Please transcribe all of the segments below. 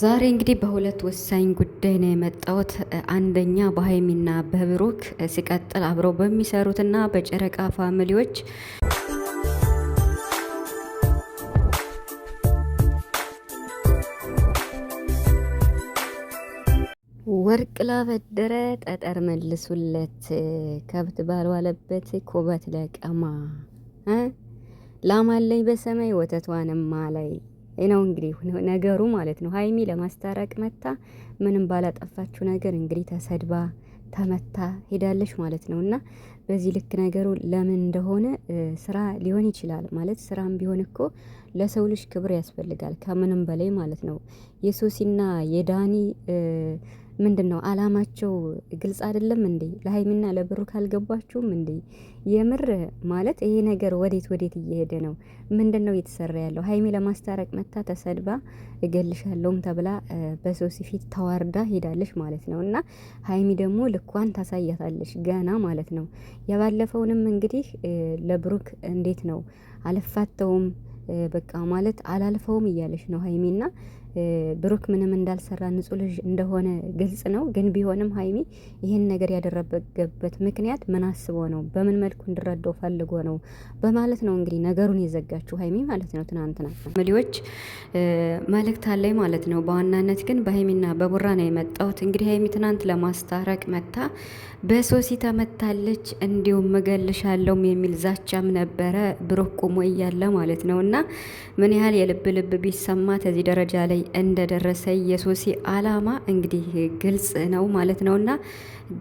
ዛሬ እንግዲህ በሁለት ወሳኝ ጉዳይ ነው የመጣሁት። አንደኛ በሀይሚና በብሩክ ሲቀጥል አብረው በሚሰሩትና በጨረቃ ፋሚሊዎች ወርቅ ላበደረ ጠጠር መልሱለት፣ ከብት ባልዋለበት ኩበት ለቀማ ላማለኝ በሰማይ ወተቷንም አላይ ነው እንግዲህ ነገሩ ማለት ነው። ሀይሚ ለማስታረቅ መታ ምንም ባላጠፋችው ነገር እንግዲህ ተሰድባ ተመታ ሄዳለች ማለት ነው። እና በዚህ ልክ ነገሩ ለምን እንደሆነ ስራ ሊሆን ይችላል ማለት ስራም ቢሆን እኮ ለሰው ልጅ ክብር ያስፈልጋል ከምንም በላይ ማለት ነው። የሶሲና የዳኒ ምንድን ነው አላማቸው ግልጽ አይደለም እንዴ? ለሀይሚና ለብሩክ ካልገባችሁም እንዴ? የምር ማለት ይሄ ነገር ወዴት ወዴት እየሄደ ነው? ምንድን ነው እየተሰራ ያለው? ሀይሚ ለማስታረቅ መታ ተሰድባ እገልሻለሁም ተብላ በሶሲ ፊት ተዋርዳ ሄዳለች ማለት ነው። እና ሀይሚ ደግሞ ልኳን ታሳያታለች ገና ማለት ነው። የባለፈውንም እንግዲህ ለብሩክ እንዴት ነው አልፋተውም በቃ ማለት አላልፈውም እያለች ነው ሀይሚና ብሩክ ምንም እንዳልሰራ ንጹህ ልጅ እንደሆነ ግልጽ ነው። ግን ቢሆንም ሀይሚ ይህን ነገር ያደረገበት ምክንያት ምን አስቦ ነው፣ በምን መልኩ እንዲረዳው ፈልጎ ነው በማለት ነው እንግዲህ ነገሩን የዘጋችው ሀይሚ ማለት ነው። ትናንትና መሪዎች መልእክት አለኝ ማለት ነው። በዋናነት ግን በሀይሚና በቡራ ነው የመጣሁት። እንግዲህ ሀይሚ ትናንት ለማስታረቅ መታ በሶሲ ተመታለች። እንዲሁም እገልሻለሁም የሚል ዛቻም ነበረ ብሩክ ቁሞ እያለ ማለት ነው እና ምን ያህል የልብ ልብ ቢሰማ ከዚህ ደረጃ ላይ እንደደረሰ የሶሲ አላማ እንግዲህ ግልጽ ነው ማለት ነውና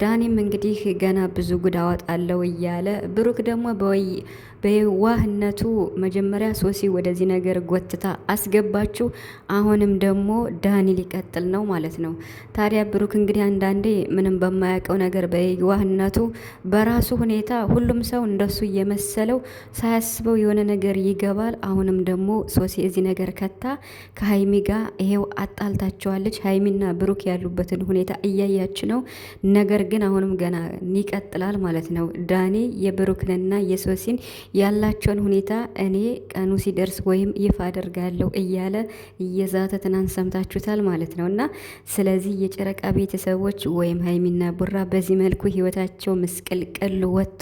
ዳኒም እንግዲህ ገና ብዙ ጉድ አለው እያለ ብሩክ ደግሞ በወይ በየዋህነቱ መጀመሪያ ሶሲ ወደዚህ ነገር ጎትታ አስገባችው። አሁንም ደግሞ ዳኒ ሊቀጥል ነው ማለት ነው። ታዲያ ብሩክ እንግዲህ አንዳንዴ ምንም በማያውቀው ነገር በየዋህነቱ በራሱ ሁኔታ ሁሉም ሰው እንደሱ እየመሰለው ሳያስበው የሆነ ነገር ይገባል። አሁንም ደግሞ ሶሲ እዚህ ነገር ከታ ከሀይሚ ጋር ይሄው አጣልታቸዋለች። ሀይሚና ብሩክ ያሉበትን ሁኔታ እያያች ነው። ነገር ግን አሁንም ገና ይቀጥላል ማለት ነው። ዳኒ የብሩክንና የሶሲን ያላቸውን ሁኔታ እኔ ቀኑ ሲደርስ ወይም ይፋ አደርጋለሁ እያለ እየዛተ ትናንት ሰምታችሁታል ማለት ነው። እና ስለዚህ የጨረቃ ቤተሰቦች ወይም ሀይሚና ቡራ በዚህ መልኩ ህይወታቸው ምስቅልቅል ወጥቶ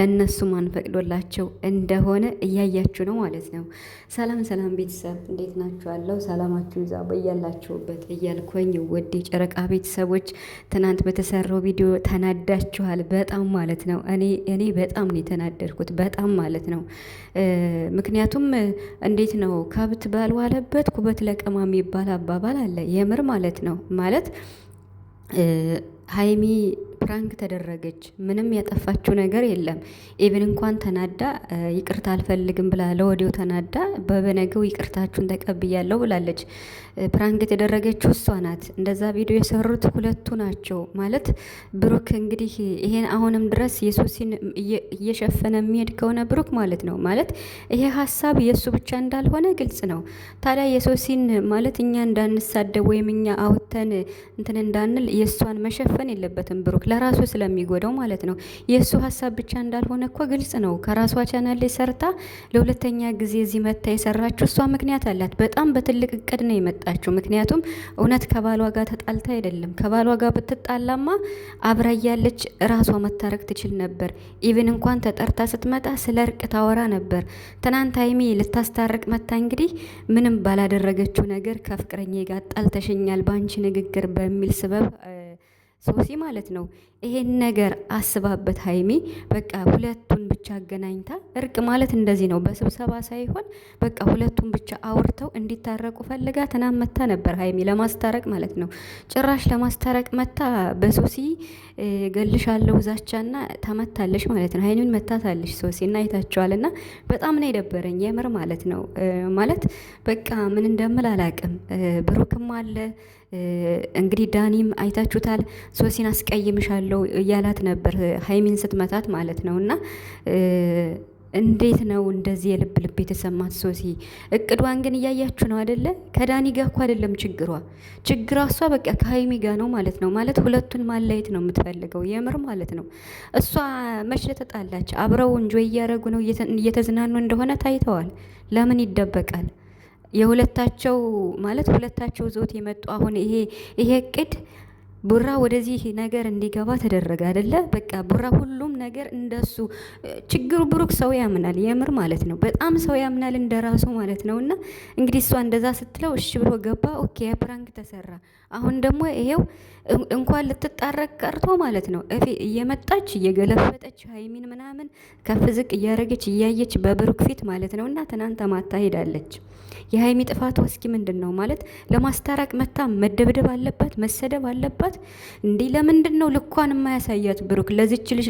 ማን ማንፈቅዶላቸው እንደሆነ እያያችሁ ነው ማለት ነው። ሰላም ሰላም ቤተሰብ እንዴት ናችኋለሁ? ሰላማችሁ ዛ በያላችሁበት እያልኩኝ ውድ የጨረቃ ቤተሰቦች ትናንት በተሰራው ቪዲዮ ተናዳችኋል በጣም ማለት ነው። እኔ እኔ በጣም ነው የተናደድኩት። በጣም ማለት ነው። ምክንያቱም እንዴት ነው ከብት ባልዋለበት ኩበት ለቀማ የሚባል አባባል አለ። የምር ማለት ነው ማለት ሀይሚ ፕራንክ ተደረገች። ምንም ያጠፋችው ነገር የለም። ኢቭን እንኳን ተናዳ ይቅርታ አልፈልግም ብላ ለወዲው ተናዳ በበነገው ይቅርታችሁን ተቀብያለሁ ብላለች። ፕራንክ የተደረገችው እሷ ናት። እንደዛ ቪዲዮ የሰሩት ሁለቱ ናቸው ማለት ብሩክ እንግዲህ ይሄን አሁንም ድረስ የሱሲን እየሸፈነ የሚሄድ ከሆነ ብሩክ ማለት ነው ማለት ይሄ ሀሳብ የእሱ ብቻ እንዳልሆነ ግልጽ ነው። ታዲያ የሶሲን ማለት እኛ እንዳንሳደብ ወይም እኛ አውተን እንትን እንዳንል የእሷን መሸፈን የለበትም ብሩክ ለራሱ ስለሚጎዳው ማለት ነው። የእሱ ሀሳብ ብቻ እንዳልሆነ እኮ ግልጽ ነው። ከራሷ ቻናል ሰርታ ለሁለተኛ ጊዜ እዚህ መታ የሰራችው እሷ ምክንያት አላት። በጣም በትልቅ እቅድ ነው የመጣችው። ምክንያቱም እውነት ከባሏ ጋር ተጣልታ አይደለም። ከባሏ ጋር ብትጣላማ አብራ እያለች ራሷ መታረቅ ትችል ነበር። ኢቭን እንኳን ተጠርታ ስትመጣ ስለ እርቅ ታወራ ነበር። ትናንት ሀይሚ ልታስታርቅ መታ እንግዲህ ምንም ባላደረገችው ነገር ከፍቅረኛ ጋር ጣልተሸኛል በአንቺ ንግግር በሚል ስበብ ሶሲ ማለት ነው። ይሄን ነገር አስባበት ሀይሚ በቃ ሁለቱን ብቻ አገናኝታ እርቅ ማለት እንደዚህ ነው። በስብሰባ ሳይሆን በቃ ሁለቱን ብቻ አውርተው እንዲታረቁ ፈልጋ ትናንት መታ ነበር ሀይሚ ለማስታረቅ ማለት ነው። ጭራሽ ለማስታረቅ መታ በሶሲ ገልሻለሁ ዛቻና ተመታለሽ ማለት ነው። ሀይሚን መታታለሽ ሶሲ እና አይታችኋል። በጣም ነው የደበረኝ የምር ማለት ነው። ማለት በቃ ምን እንደምል አላቅም። ብሩክም አለ እንግዲህ ዳኒም አይታችሁታል ሶሲን አስቀይምሻለሁ እያላት ነበር ሀይሚን ስትመታት ማለት ነው እና እንዴት ነው እንደዚህ የልብ ልብ የተሰማት ሶሲ? እቅዷን ግን እያያችሁ ነው አደለ? ከዳኒ ጋር እኮ አደለም ችግሯ። ችግሯ እሷ በቃ ከሀይሚ ጋር ነው ማለት ነው። ማለት ሁለቱን ማለየት ነው የምትፈልገው የምር ማለት ነው። እሷ መቼ ተጣላች? አብረው እንጆ እያደረጉ ነው እየተዝናኑ እንደሆነ ታይተዋል። ለምን ይደበቃል? የሁለታቸው ማለት ሁለታቸው ዞት የመጡ አሁን ይሄ ይሄ እቅድ ቡራ ወደዚህ ነገር እንዲገባ ተደረገ አይደለ? በቃ ቡራ ሁሉም ነገር እንደሱ። ችግሩ ብሩክ ሰው ያምናል፣ የምር ማለት ነው። በጣም ሰው ያምናል እንደራሱ ማለት ነው። እና እንግዲህ እሷ እንደዛ ስትለው እሺ ብሎ ገባ። ኦኬ ፕራንክ ተሰራ። አሁን ደግሞ ይሄው እንኳን ልትጣረቅ ቀርቶ ማለት ነው እየመጣች እየገለፈጠች ሀይሚን ምናምን ከፍ ዝቅ እያደረገች እያየች በብሩክ ፊት ማለት ነው። እና ትናንተ ማታ ሄዳለች። የሀይሚ ጥፋቱ እስኪ ምንድን ነው ማለት ለማስታረቅ መታ መደብደብ አለባት፣ መሰደብ አለባት አለባት እንዲህ ለምንድን ነው ልኳን የማያሳያት ብሩክ? ለዚች ልጅ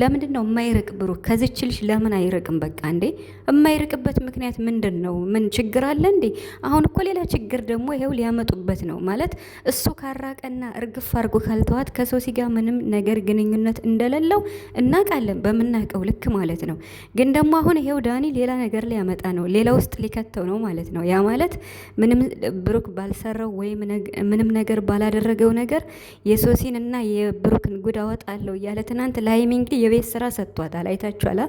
ለምንድን ነው የማይርቅ ብሩክ? ከዚች ልጅ ለምን አይርቅም? በቃ እንዴ የማይርቅበት ምክንያት ምንድን ነው? ምን ችግር አለ እንዴ? አሁን እኮ ሌላ ችግር ደግሞ ይሄው ሊያመጡበት ነው ማለት እሱ ካራቀና እርግፍ አድርጎ ካልተዋት ከሶሲ ጋር ምንም ነገር ግንኙነት እንደሌለው እናውቃለን፣ በምናውቀው ልክ ማለት ነው። ግን ደግሞ አሁን ይሄው ዳኒ ሌላ ነገር ሊያመጣ ነው፣ ሌላ ውስጥ ሊከተው ነው ማለት ነው። ያ ማለት ምንም ብሩክ ባልሰራው ወይም ምንም ነገር ባላደረገው ነገር ነገር የሶሲን እና የብሩክን ጉድ አወጣለሁ እያለ ትናንት ለሀይሚ እንግዲህ የቤት ስራ ሰጥቷታል። አይታችኋላ።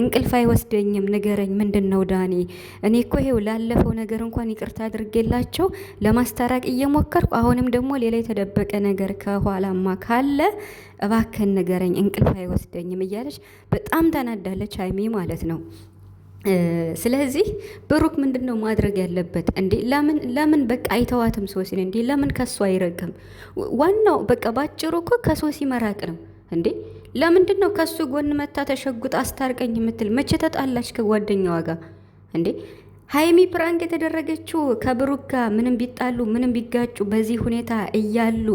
እንቅልፍ አይወስደኝም ንገረኝ፣ ምንድን ነው ዳኒ? እኔ እኮ ይሄው ላለፈው ነገር እንኳን ይቅርታ አድርጌላቸው ለማስታራቅ እየሞከርኩ አሁንም ደግሞ ሌላ የተደበቀ ነገር ከኋላማ ካለ እባክህን ንገረኝ፣ እንቅልፍ አይወስደኝም እያለች በጣም ተናዳለች ሀይሚ ማለት ነው። ስለዚህ ብሩክ ምንድን ነው ማድረግ ያለበት? እንዴ ለምን ለምን በቃ አይተዋትም ሶሲን? እንዴ ለምን ከሱ አይረቅም? ዋናው በቃ ባጭሩ እኮ ከሶሲ መራቅ ነው እንዴ። ለምንድን ነው ከሱ ጎን መታ ተሸጉጥ አስታርቀኝ የምትል? መቼ ተጣላች ከጓደኛዋ ጋር እንዴ? ሀይሚ ፕራንክ የተደረገችው ከብሩክ ጋር ምንም ቢጣሉ ምንም ቢጋጩ በዚህ ሁኔታ እያሉ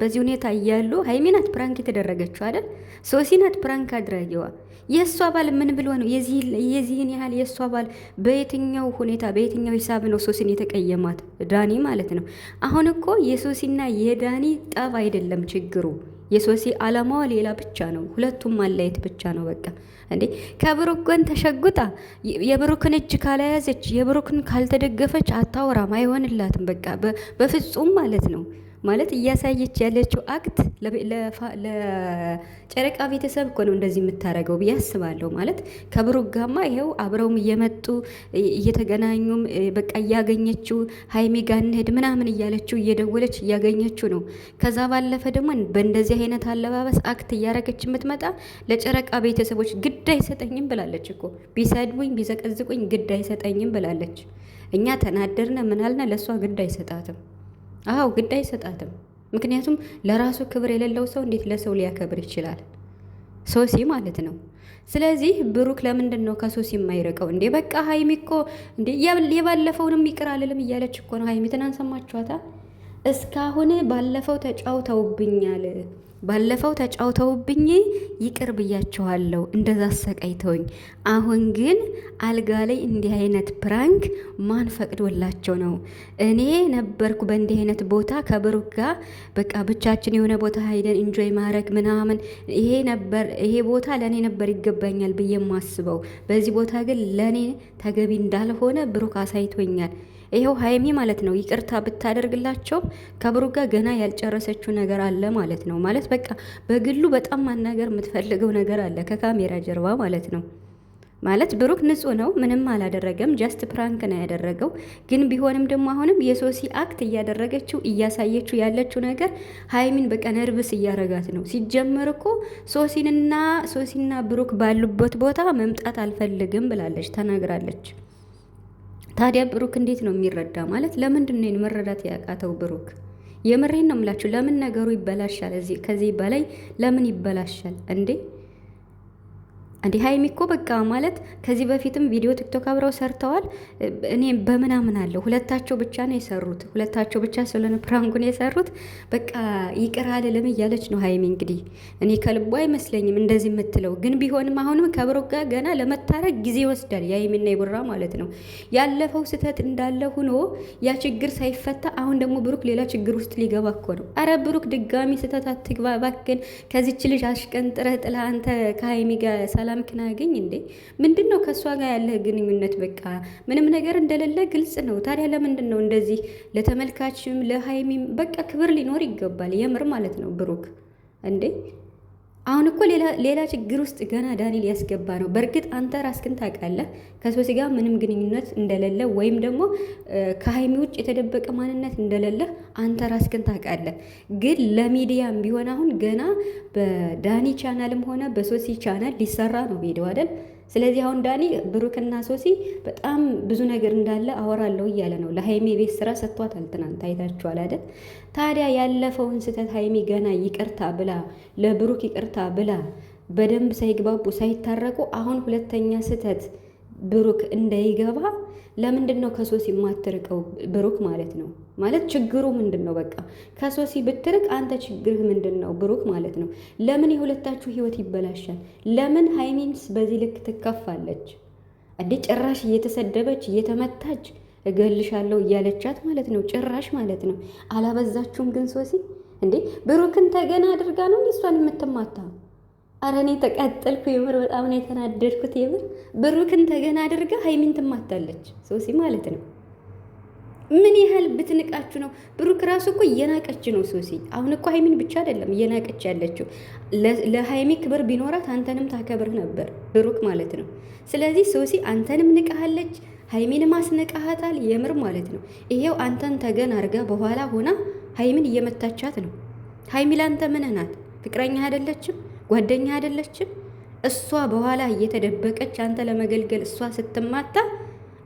በዚህ ሁኔታ እያሉ ሀይሚ ናት ፕራንክ የተደረገችው አይደል? ሶሲ ናት ፕራንክ አድራጊዋ። የእሷ ባል ምን ብሎ ነው የዚህን ያህል? የእሷ ባል በየትኛው ሁኔታ በየትኛው ሂሳብ ነው ሶሲን የተቀየማት? ዳኒ ማለት ነው። አሁን እኮ የሶሲና የዳኒ ጠብ አይደለም ችግሩ የሶሲ አላማዋ ሌላ ብቻ ነው። ሁለቱም ማለየት ብቻ ነው በቃ። እንዴ ከብሩክ ጎን ተሸጉጣ የብሩክን እጅ ካላያዘች የብሩክን ካልተደገፈች አታወራም፣ አይሆንላትም በቃ በፍጹም ማለት ነው። ማለት እያሳየች ያለችው አክት ለጨረቃ ቤተሰብ እኮ ነው እንደዚህ የምታደርገው ብዬ አስባለሁ። ማለት ከብሩክ ጋማ ይኸው አብረውም እየመጡ እየተገናኙም በቃ እያገኘችው ሀይሚ ጋር እንሄድ ምናምን እያለችው እየደወለች እያገኘችው ነው። ከዛ ባለፈ ደግሞ በእንደዚህ አይነት አለባበስ አክት እያደረገች የምትመጣ ለጨረቃ ቤተሰቦች ግድ አይሰጠኝም ብላለች እኮ ቢሰድቡኝ ቢዘቀዝቁኝ ግድ አይሰጠኝም ብላለች። እኛ ተናደርነ ምናልነ ለእሷ ግድ አይሰጣትም። አዎ ግድ አይሰጣትም። ምክንያቱም ለራሱ ክብር የሌለው ሰው እንዴት ለሰው ሊያከብር ይችላል? ሶሲ ማለት ነው። ስለዚህ ብሩክ ለምንድን ነው ከሶሲ የማይርቀው እንዴ? በቃ ሀይሚ እኮ እንዴ የባለፈውንም ይቅር አልልም እያለች እኮ ነው ሀይሚ። ትናንት ሰማችኋታ። እስካሁን ባለፈው ተጫውተውብኛል ባለፈው ተጫውተውብኝ ይቅር ብያቸዋለሁ፣ እንደዛ አሰቃይተውኝ። አሁን ግን አልጋ ላይ እንዲህ አይነት ፕራንክ ማን ፈቅዶላቸው ነው? እኔ ነበርኩ በእንዲህ አይነት ቦታ ከብሩክ ጋር በቃ ብቻችን የሆነ ቦታ ሄደን እንጆይ ማድረግ ምናምን፣ ይሄ ነበር ይሄ ቦታ ለእኔ ነበር ይገባኛል ብዬ የማስበው። በዚህ ቦታ ግን ለእኔ ተገቢ እንዳልሆነ ብሩክ አሳይቶኛል። ይኸው ሀይሚ ማለት ነው ይቅርታ ብታደርግላቸው ከብሩ ጋር ገና ያልጨረሰችው ነገር አለ ማለት ነው። ማለት በቃ በግሉ በጣም ማናገር የምትፈልገው ነገር አለ ከካሜራ ጀርባ ማለት ነው። ማለት ብሩክ ንጹህ ነው፣ ምንም አላደረገም። ጃስት ፕራንክ ነው ያደረገው። ግን ቢሆንም ደግሞ አሁንም የሶሲ አክት እያደረገችው እያሳየችው ያለችው ነገር ሀይሚን በቃ ነርቭስ እያረጋት ነው። ሲጀመር እኮ ሶሲንና ሶሲና ብሩክ ባሉበት ቦታ መምጣት አልፈልግም ብላለች፣ ተናግራለች። ታዲያ ብሩክ እንዴት ነው የሚረዳ? ማለት ለምንድን ነው መረዳት ያቃተው ብሩክ? የምሬን ነው የምላችሁ። ለምን ነገሩ ይበላሻል? ከዚህ በላይ ለምን ይበላሻል እንዴ? እንዴ ሀይሚ እኮ በቃ ማለት ከዚህ በፊትም ቪዲዮ ቲክቶክ አብረው ሰርተዋል። እኔ በምናምን አለው ሁለታቸው ብቻ ነው የሰሩት። ሁለታቸው ብቻ ስለሆነ ፕራንጉን የሰሩት በቃ ይቅር አልልም እያለች ነው ሀይሚ። እንግዲህ እኔ ከልቦ አይመስለኝም እንደዚህ የምትለው ግን ቢሆንም አሁንም ከብሩክ ጋር ገና ለመታረቅ ጊዜ ይወስዳል የሀይሚና የቡራ ማለት ነው። ያለፈው ስህተት እንዳለ ሆኖ ያ ችግር ሳይፈታ አሁን ደግሞ ብሩክ ሌላ ችግር ውስጥ ሊገባ እኮ ነው። አረ ብሩክ ድጋሚ ስህተት አትግባ እባክህን። ከዚች ልጅ አሽቀንጥረህ ጥለህ አንተ ከሀይሚ ጋር ሰላም ክናገኝ እንዴ? ምንድን ነው ከእሷ ጋር ያለህ ግንኙነት? በቃ ምንም ነገር እንደሌለ ግልጽ ነው። ታዲያ ለምንድን ነው እንደዚህ ለተመልካችም ለሀይሚም በቃ ክብር ሊኖር ይገባል። የምር ማለት ነው ብሩክ እንዴ አሁን እኮ ሌላ ችግር ውስጥ ገና ዳኒ ሊያስገባ ነው። በእርግጥ አንተ ራስክን ታውቃለህ ከሶሲ ጋር ምንም ግንኙነት እንደሌለ ወይም ደግሞ ከሀይሚ ውጭ የተደበቀ ማንነት እንደሌለ አንተ ራስክን ታውቃለህ። ግን ለሚዲያም ቢሆን አሁን ገና በዳኒ ቻናልም ሆነ በሶሲ ቻናል ሊሰራ ነው ሄደው አይደል ስለዚህ አሁን ዳኒ ብሩክና ሶሲ በጣም ብዙ ነገር እንዳለ አወራለሁ እያለ ነው። ለሀይሜ ቤት ስራ ሰጥቷታል። ትናንት አይታችኋል አይደል? ታዲያ ያለፈውን ስህተት ሀይሜ ገና ይቅርታ ብላ ለብሩክ ይቅርታ ብላ በደንብ ሳይግባቡ ሳይታረቁ አሁን ሁለተኛ ስህተት ብሩክ እንዳይገባ ለምንድን ነው ከሶሲ የማትርቀው? ብሩክ ማለት ነው ማለት ችግሩ ምንድን ነው? በቃ ከሶሲ ብትርቅ አንተ ችግርህ ምንድን ነው? ብሩክ ማለት ነው። ለምን የሁለታችሁ ህይወት ይበላሻል? ለምን ሀይሚንስ በዚህ ልክ ትከፋለች? እንዴ ጭራሽ እየተሰደበች እየተመታች እገልሻለሁ እያለቻት ማለት ነው። ጭራሽ ማለት ነው። አላበዛችሁም ግን ሶሲ እንዴ ብሩክን ተገና አድርጋ ነው እሷን የምትማታ አረኔ እኔ ተቃጠልኩ። የምር በጣም ነው የተናደድኩት። የምር ብሩክን ተገና አድርጋ ሀይሚን ትማታለች፣ ሶሲ ማለት ነው። ምን ያህል ብትንቃችሁ ነው? ብሩክ ራሱ እኮ እየናቀች ነው ሶሲ። አሁን እኮ ሀይሚን ብቻ አይደለም እየናቀች ያለችው። ለሀይሚ ክብር ቢኖራት አንተንም ታከብር ነበር ብሩክ ማለት ነው። ስለዚህ ሶሲ አንተንም ንቃሃለች፣ ሀይሚንም አስነቃሃታል። የምር ማለት ነው። ይሄው አንተን ተገን አድርጋ በኋላ ሆና ሀይሚን እየመታቻት ነው። ሀይሚ ላንተ ምንህ ናት? ፍቅረኛ አይደለችም ጓደኛ አይደለችም? እሷ በኋላ እየተደበቀች አንተ ለመገልገል እሷ ስትማታ፣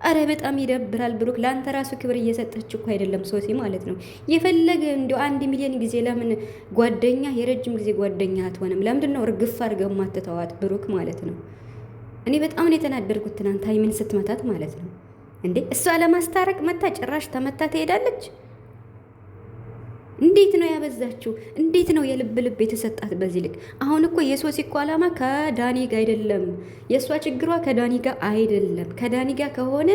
አረ በጣም ይደብራል። ብሩክ ለአንተ ራሱ ክብር እየሰጠች እኮ አይደለም ሶሲ ማለት ነው። የፈለገ እንዲ አንድ ሚሊዮን ጊዜ ለምን ጓደኛ የረጅም ጊዜ ጓደኛ አትሆንም? ለምንድን ነው እርግፍ አድርገው ማትተዋት ብሩክ ማለት ነው። እኔ በጣም ነው የተናደርኩት ትናንት ሀይሚን ስትመታት ማለት ነው። እንዴ እሷ ለማስታረቅ መታ ጭራሽ ተመታ ትሄዳለች። እንዴት ነው ያበዛችው? እንዴት ነው የልብ ልብ የተሰጣት በዚህ ልክ? አሁን እኮ የሶሲ እኮ አላማ ከዳኒ ጋር አይደለም። የእሷ ችግሯ ከዳኒ ጋር አይደለም። ከዳኒ ጋር ከሆነ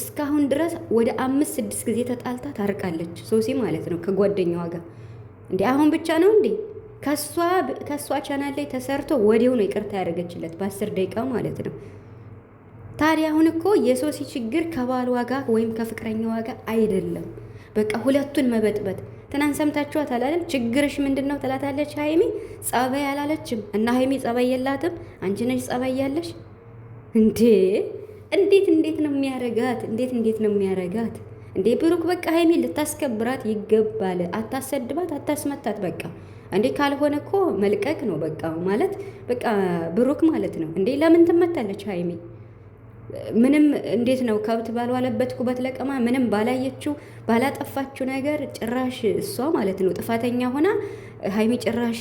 እስካሁን ድረስ ወደ አምስት ስድስት ጊዜ ተጣልታ ታርቃለች፣ ሶሲ ማለት ነው ከጓደኛዋ ጋር እንዴ። አሁን ብቻ ነው እንዴ ከእሷ ቻናል ላይ ተሰርቶ ወዲያው ነው ይቅርታ ያደረገችለት በአስር ደቂቃ ማለት ነው። ታዲያ አሁን እኮ የሶሲ ችግር ከባል ዋጋ ወይም ከፍቅረኛ ዋጋ አይደለም። በቃ ሁለቱን መበጥበት ትናንት ሰምታችኋታል አይደል? ችግርሽ ምንድን ነው ትላታለች ሀይሚ። ጸባይ አላለችም እና ሀይሚ ጸባይ የላትም። አንቺ ነሽ ጸባይ ያለሽ እንዴ! እንዴት እንዴት ነው የሚያረጋት? እንዴት እንዴት ነው የሚያረጋት? እንዴ ብሩክ፣ በቃ ሀይሚ ልታስከብራት ይገባል። አታሰድባት፣ አታስመታት። በቃ እንዴ ካልሆነ እኮ መልቀቅ ነው በቃ ማለት በቃ ብሩክ ማለት ነው። እንዴ ለምን ትመታለች ሀይሚ? ምንም እንዴት ነው ከብት ባልዋለበት ኩበት ለቀማ ምንም ባላየችው ባላጠፋችው ነገር ጭራሽ እሷ ማለት ነው ጥፋተኛ ሆና ሀይሚ ጭራሽ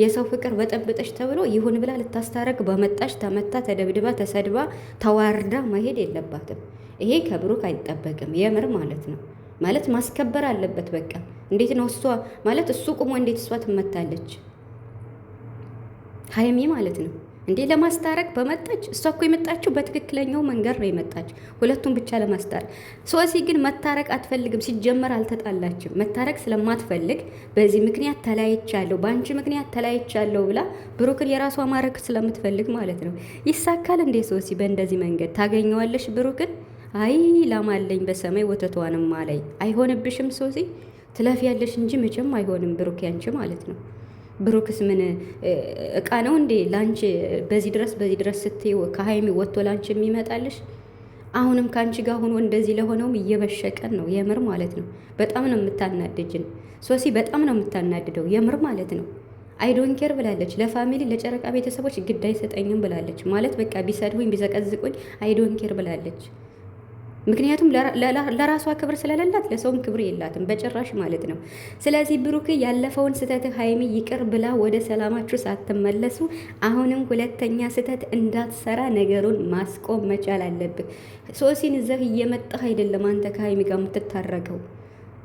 የሰው ፍቅር በጠበጠች ተብሎ ይሁን ብላ ልታስታረቅ በመጣች ተመታ፣ ተደብድባ፣ ተሰድባ፣ ተዋርዳ መሄድ የለባትም። ይሄ ከብሩክ አይጠበቅም። የምር ማለት ነው ማለት ማስከበር አለበት። በቃ እንዴት ነው እሷ ማለት እሱ ቁሞ እንዴት እሷ ትመታለች ሀይሚ ማለት ነው። እንዴ ለማስታረቅ በመጣች እሷ እኮ የመጣችው በትክክለኛው መንገድ ነው የመጣች፣ ሁለቱም ብቻ ለማስታረቅ። ሶሲ ግን መታረቅ አትፈልግም። ሲጀመር አልተጣላችም። መታረቅ ስለማትፈልግ በዚህ ምክንያት ተለያይቻለሁ፣ በአንቺ ምክንያት ተለያይቻለሁ ብላ ብሩክን የራሷ ማድረግ ስለምትፈልግ ማለት ነው። ይሳካል እንዴ ሶሲ? በእንደዚህ መንገድ ታገኘዋለሽ ብሩክን? አይ ላማለኝ በሰማይ ወተቷንም አለኝ። አይሆንብሽም ሶሲ፣ ትለፊያለሽ እንጂ መቼም አይሆንም ብሩክ ያንቺ ማለት ነው። ብሩክስ ምን እቃ ነው እንዴ? ላንቺ በዚህ ድረስ በዚህ ድረስ ስትይው ከሀይሚ ወጥቶ ላንቺ የሚመጣልሽ? አሁንም ከአንቺ ጋር ሆኖ እንደዚህ ለሆነውም እየበሸቀን ነው የምር ማለት ነው። በጣም ነው የምታናድጅን ሶሲ፣ በጣም ነው የምታናድደው የምር ማለት ነው። አይዶን ኬር ብላለች። ለፋሚሊ ለጨረቃ ቤተሰቦች ግድ አይሰጠኝም ብላለች። ማለት በቃ ቢሰድቡኝ ቢዘቀዝቁኝ አይዶን ኬር ብላለች። ምክንያቱም ለራሷ ክብር ስለሌላት ለሰውም ክብር የላትም በጭራሽ ማለት ነው። ስለዚህ ብሩክ ያለፈውን ስህተት ሀይሚ ይቅር ብላ ወደ ሰላማችሁ ሳትመለሱ አሁንም ሁለተኛ ስህተት እንዳትሰራ ነገሩን ማስቆም መቻል አለብህ። ሶሲን እዚህ እየመጣህ አይደለም አንተ ከሀይሚ ጋር የምትታረቀው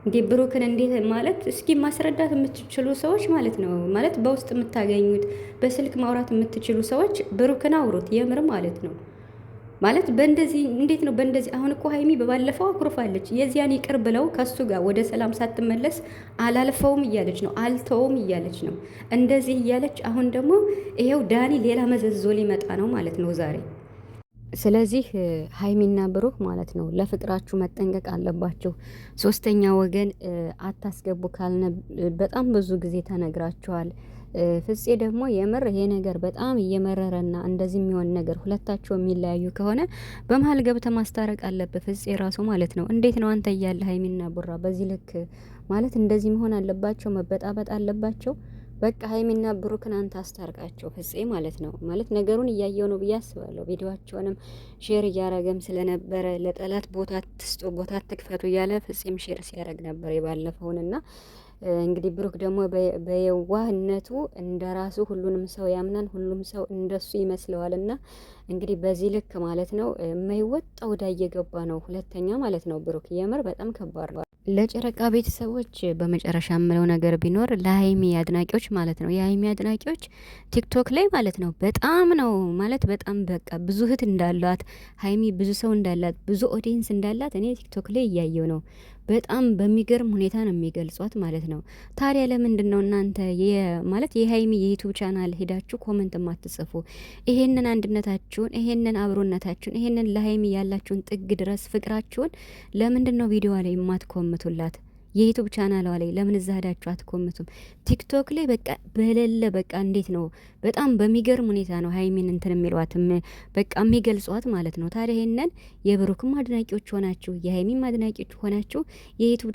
እንዴ ብሩክን እንዴት ማለት እስኪ ማስረዳት የምትችሉ ሰዎች ማለት ነው ማለት በውስጥ የምታገኙት በስልክ ማውራት የምትችሉ ሰዎች ብሩክን አውሩት የምር ማለት ነው። ማለት በእንደዚህ እንዴት ነው በእንደዚህ አሁን እኮ ሀይሚ በባለፈው አኩርፋለች። የዚያን ይቅር ብለው ከሱ ጋር ወደ ሰላም ሳትመለስ አላልፈውም እያለች ነው፣ አልተውም እያለች ነው፣ እንደዚህ እያለች አሁን ደግሞ ይሄው ዳኒ ሌላ መዘዞ ሊመጣ ነው ማለት ነው ዛሬ። ስለዚህ ሀይሚና ብሩክ ማለት ነው ለፍቅራችሁ መጠንቀቅ አለባችሁ። ሶስተኛ ወገን አታስገቡ ካልነ በጣም ብዙ ጊዜ ተነግራችኋል። ፍፄ ደግሞ የምር ይሄ ነገር በጣም እየመረረና እንደዚህ የሚሆን ነገር ሁለታቸው የሚለያዩ ከሆነ በመሀል ገብተ ማስታረቅ አለበት ፍፄ ራሱ ማለት ነው። እንዴት ነው አንተ እያለ ሀይሚና ቡራ በዚህ ልክ ማለት እንደዚህ መሆን አለባቸው? መበጣበጥ አለባቸው? በቃ ሀይሚና ብሩክን አንተ አስታርቃቸው ፍፄ ማለት ነው። ማለት ነገሩን እያየው ነው ብዬ አስባለሁ። ቪዲዮቸውንም ሼር እያረገም ስለነበረ ለጠላት ቦታ ትስጡ፣ ቦታ ትክፈቱ እያለ ፍፄም ሼር ሲያደረግ ነበር የባለፈውን እና እንግዲህ ብሩክ ደግሞ በየዋህነቱ እንደ ራሱ ሁሉንም ሰው ያምናል፣ ሁሉም ሰው እንደሱ ይመስለዋል። እና እንግዲህ በዚህ ልክ ማለት ነው የማይወጣ ወዳ እየገባ ነው ሁለተኛ ማለት ነው ብሩክ የምር በጣም ከባድ ነው። ለጨረቃ ቤተሰቦች በመጨረሻ የምለው ነገር ቢኖር ለሀይሚ አድናቂዎች ማለት ነው፣ የሀይሚ አድናቂዎች ቲክቶክ ላይ ማለት ነው በጣም ነው ማለት በጣም በቃ ብዙ እህት እንዳሏት ሀይሚ ብዙ ሰው እንዳላት ብዙ ኦዲየንስ እንዳላት እኔ ቲክቶክ ላይ እያየው ነው። በጣም በሚገርም ሁኔታ ነው የሚገልጿት ማለት ነው። ታዲያ ለምንድን ነው እናንተ ማለት የሀይሚ የዩቱብ ቻናል ሄዳችሁ ኮመንት ማትጽፉ? ይሄንን አንድነታችሁን፣ ይሄንን አብሮነታችሁን፣ ይሄንን ለሀይሚ ያላችሁን ጥግ ድረስ ፍቅራችሁን ለምንድን ነው ቪዲዮ ላይ የማትኮምቱላት? የዩቱብ ቻናሏ ላይ ለምን እዛ ሄዳችሁ አትኮምቱም? ቲክቶክ ላይ በቃ በሌለ በቃ እንዴት ነው በጣም በሚገርም ሁኔታ ነው ሀይሚን እንትን የሚሏትም በቃ የሚገልጿት ማለት ነው። ታዲያ ይሄንን የብሩክም አድናቂዎች ሆናችሁ የሀይሚም አድናቂዎች ሆናችሁ የዩቱብ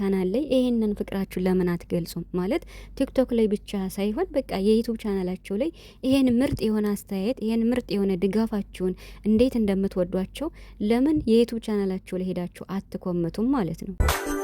ቻናል ላይ ይሄንን ፍቅራችሁ ለምን አትገልጹም? ማለት ቲክቶክ ላይ ብቻ ሳይሆን በቃ የዩቱብ ቻናላቸው ላይ ይሄን ምርጥ የሆነ አስተያየት ይሄን ምርጥ የሆነ ድጋፋችሁን እንዴት እንደምትወዷቸው ለምን የዩቱብ ቻናላቸው ላይ ሄዳችሁ አትኮምቱም ማለት ነው።